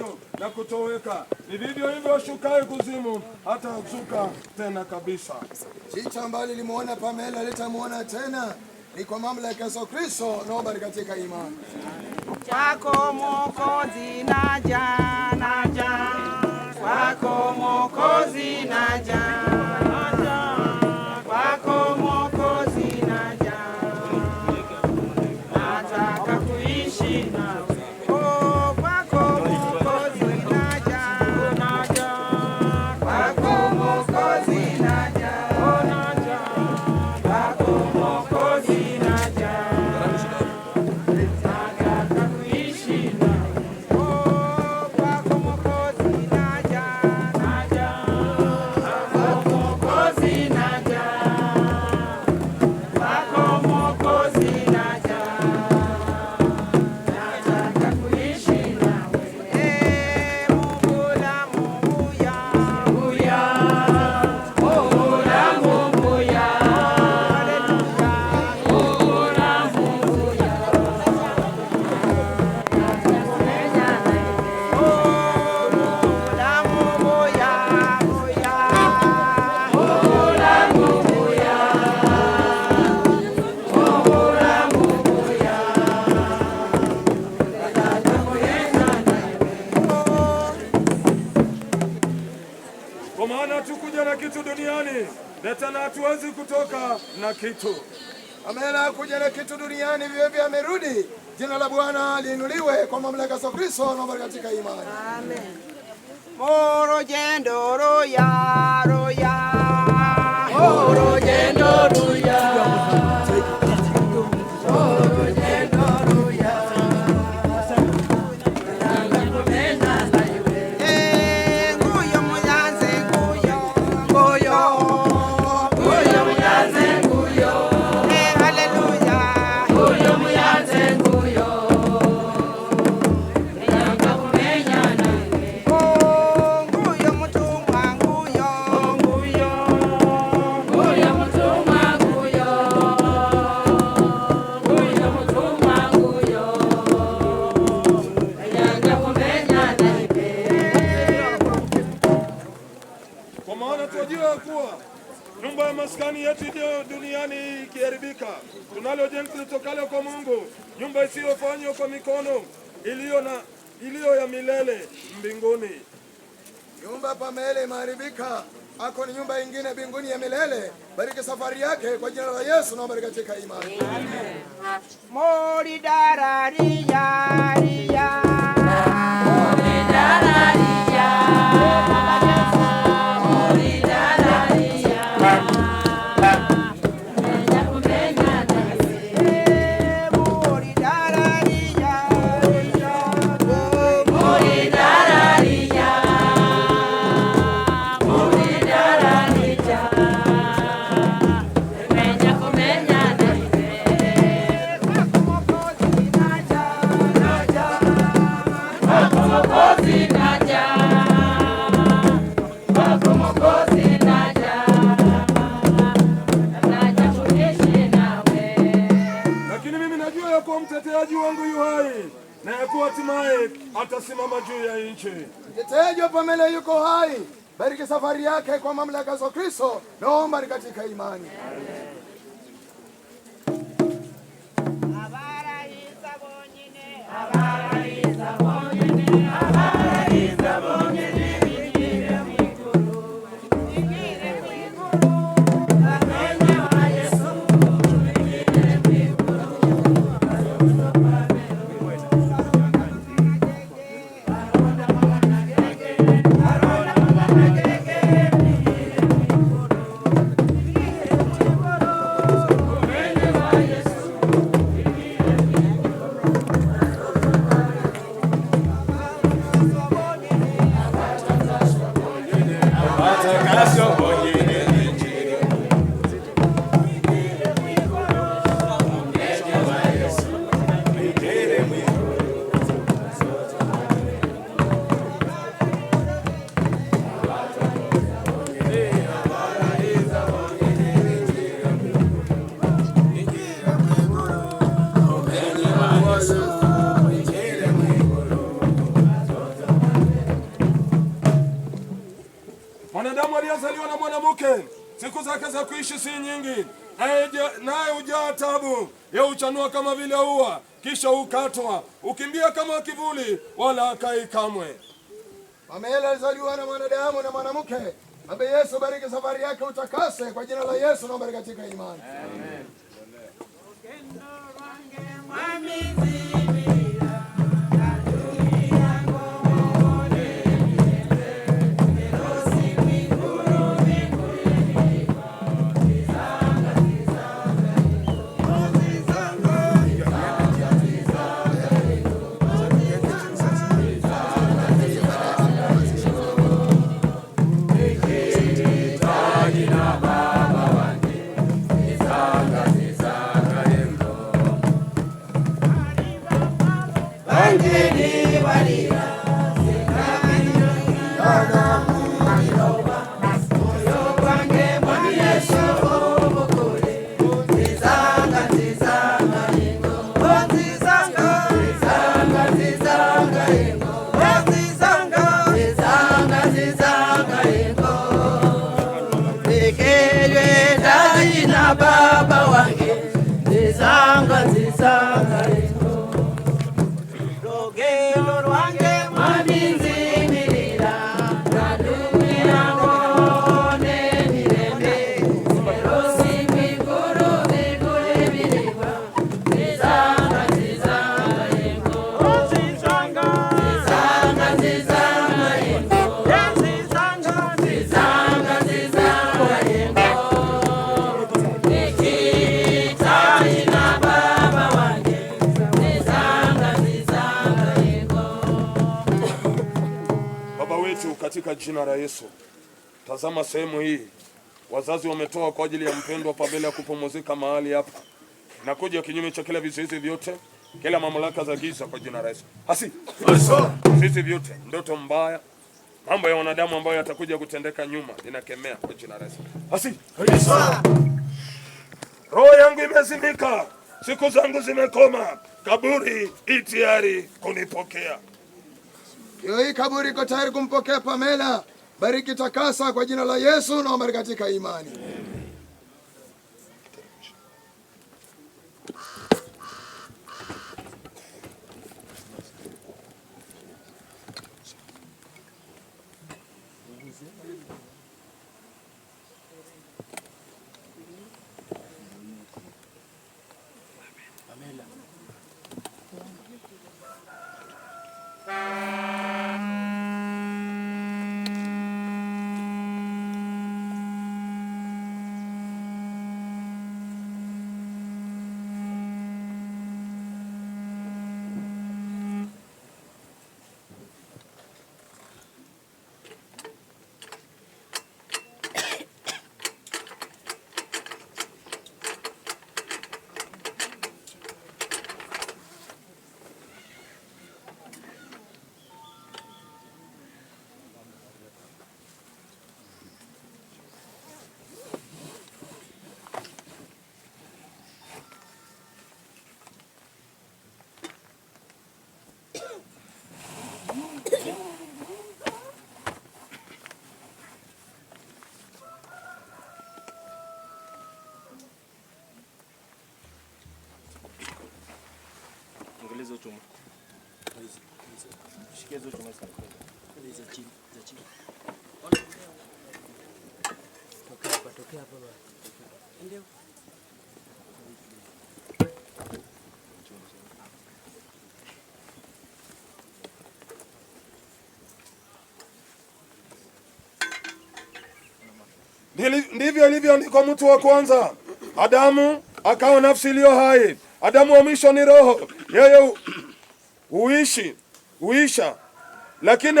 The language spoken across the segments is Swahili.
upandavyo na kutoweka, ni vivyo hivyo shukaye kuzimu, hata zuka tena kabisa. Jicho ambalo lilimwona Pamela litamwona tena, ni kwa mamlaka ya Yesu Kristo naomba katika imani chako Mwokozi naja, naja, kwako Mwokozi naja na tena hatuwezi kutoka na kitu. Amela kuja na kitu duniani viwevi amerudi. Jina la Bwana liinuliwe kwa mamlaka za Kristo na katika imani. Amen. Moro jendo roya roya. Moro jendo roya. maskani yetu iliyo duniani ikiharibika, tunalo jengo litokalo kwa Mungu, nyumba isiyofanywa kwa mikono, iliyo na iliyo ya milele mbinguni. Nyumba pamele imeharibika, ako ni nyumba ingine mbinguni ya milele. Bariki safari yake kwa jina la Yesu, naomba katika imani, amen. hatimaye atasimama juu ya nchi. Mtetejo Pamela yuko hai, bariki safari yake kwa mamlaka za Kristo, naomba ni katika imani Amen. Habari hizo bonyine, habari hizo bonyine, habari za kuishi si nyingi, naye hujaa tabu. ya uchanua kama vile ua, kisha ukatwa ukimbia kama kivuli, wala akai kamwe. Pamela alizaliwa na mwanadamu na mwanamke. Ambe Yesu, bariki safari yake, utakase kwa jina la Yesu, naomba katika imani, amen. katika jina la Yesu. Tazama sehemu hii, wazazi wametoa kwa ajili ya mpendwa Pabele ya kupumzika mahali hapa na kuja kinyume cha kila vizuizi vyote, kila mamlaka za giza kwa jina la Yesu. Hasi vizuizi vyote, ndoto mbaya, mambo ya wanadamu ambayo yatakuja kutendeka nyuma, ninakemea kwa jina la Yesu. Hasi roho yangu imezimika, siku zangu zimekoma, kaburi itiari kunipokea Leo hii kaburi iko tayari kumpokea Pamela. Bariki, takasa kwa jina la Yesu na katika imani Amen. Angalia chuma. Shikia hizo chuma sana. Ile za chini, za chini. Tokea hapa, tokea hapa. Ndio. ndivyo ilivyoandikwa mtu wa kwanza Adamu akawa nafsi iliyo hai. Adamu wa mwisho ni roho, yeye huishi huisha, lakini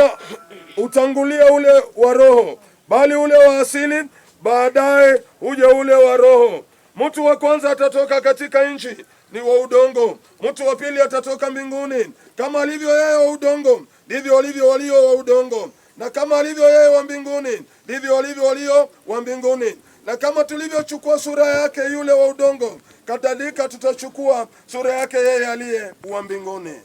utangulia ule wa roho, bali ule wa asili baadaye huja ule wa roho. Mtu wa kwanza atatoka katika nchi ni wa udongo, mtu wa pili atatoka mbinguni. Kama alivyo yeye wa udongo, ndivyo walivyo walio wa udongo na kama alivyo yeye wa mbinguni, ndivyo walivyo walio wa mbinguni. Na kama tulivyochukua sura yake yule wa udongo, kadhalika tutachukua sura yake yeye aliye wa mbinguni.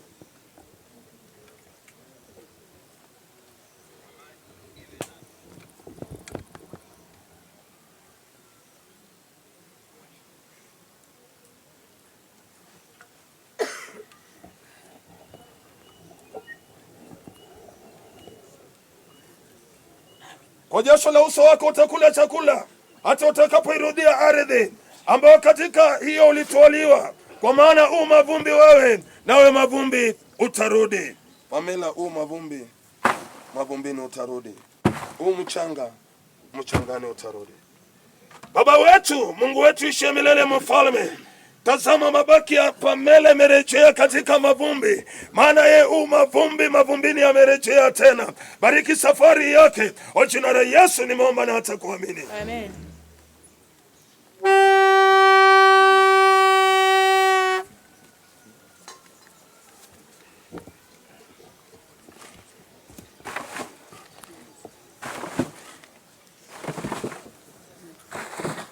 kwa jasho la uso wako utakula chakula hata utakapoirudia ardhi ambayo katika hiyo ulitwaliwa, kwa maana u mavumbi wewe, nawe mavumbi utarudi. Pamela, u mavumbi, mavumbini utarudi. U mchanga, mchangani utarudi. Baba wetu Mungu wetu, ishie milele, mfalme Tazama, mabaki ya Pamela yamerejea katika mavumbi, maana yeye u mavumbi, mavumbini yamerejea tena. Bariki safari yake, kwa jina la Yesu nimeomba na hata kuamini, amen.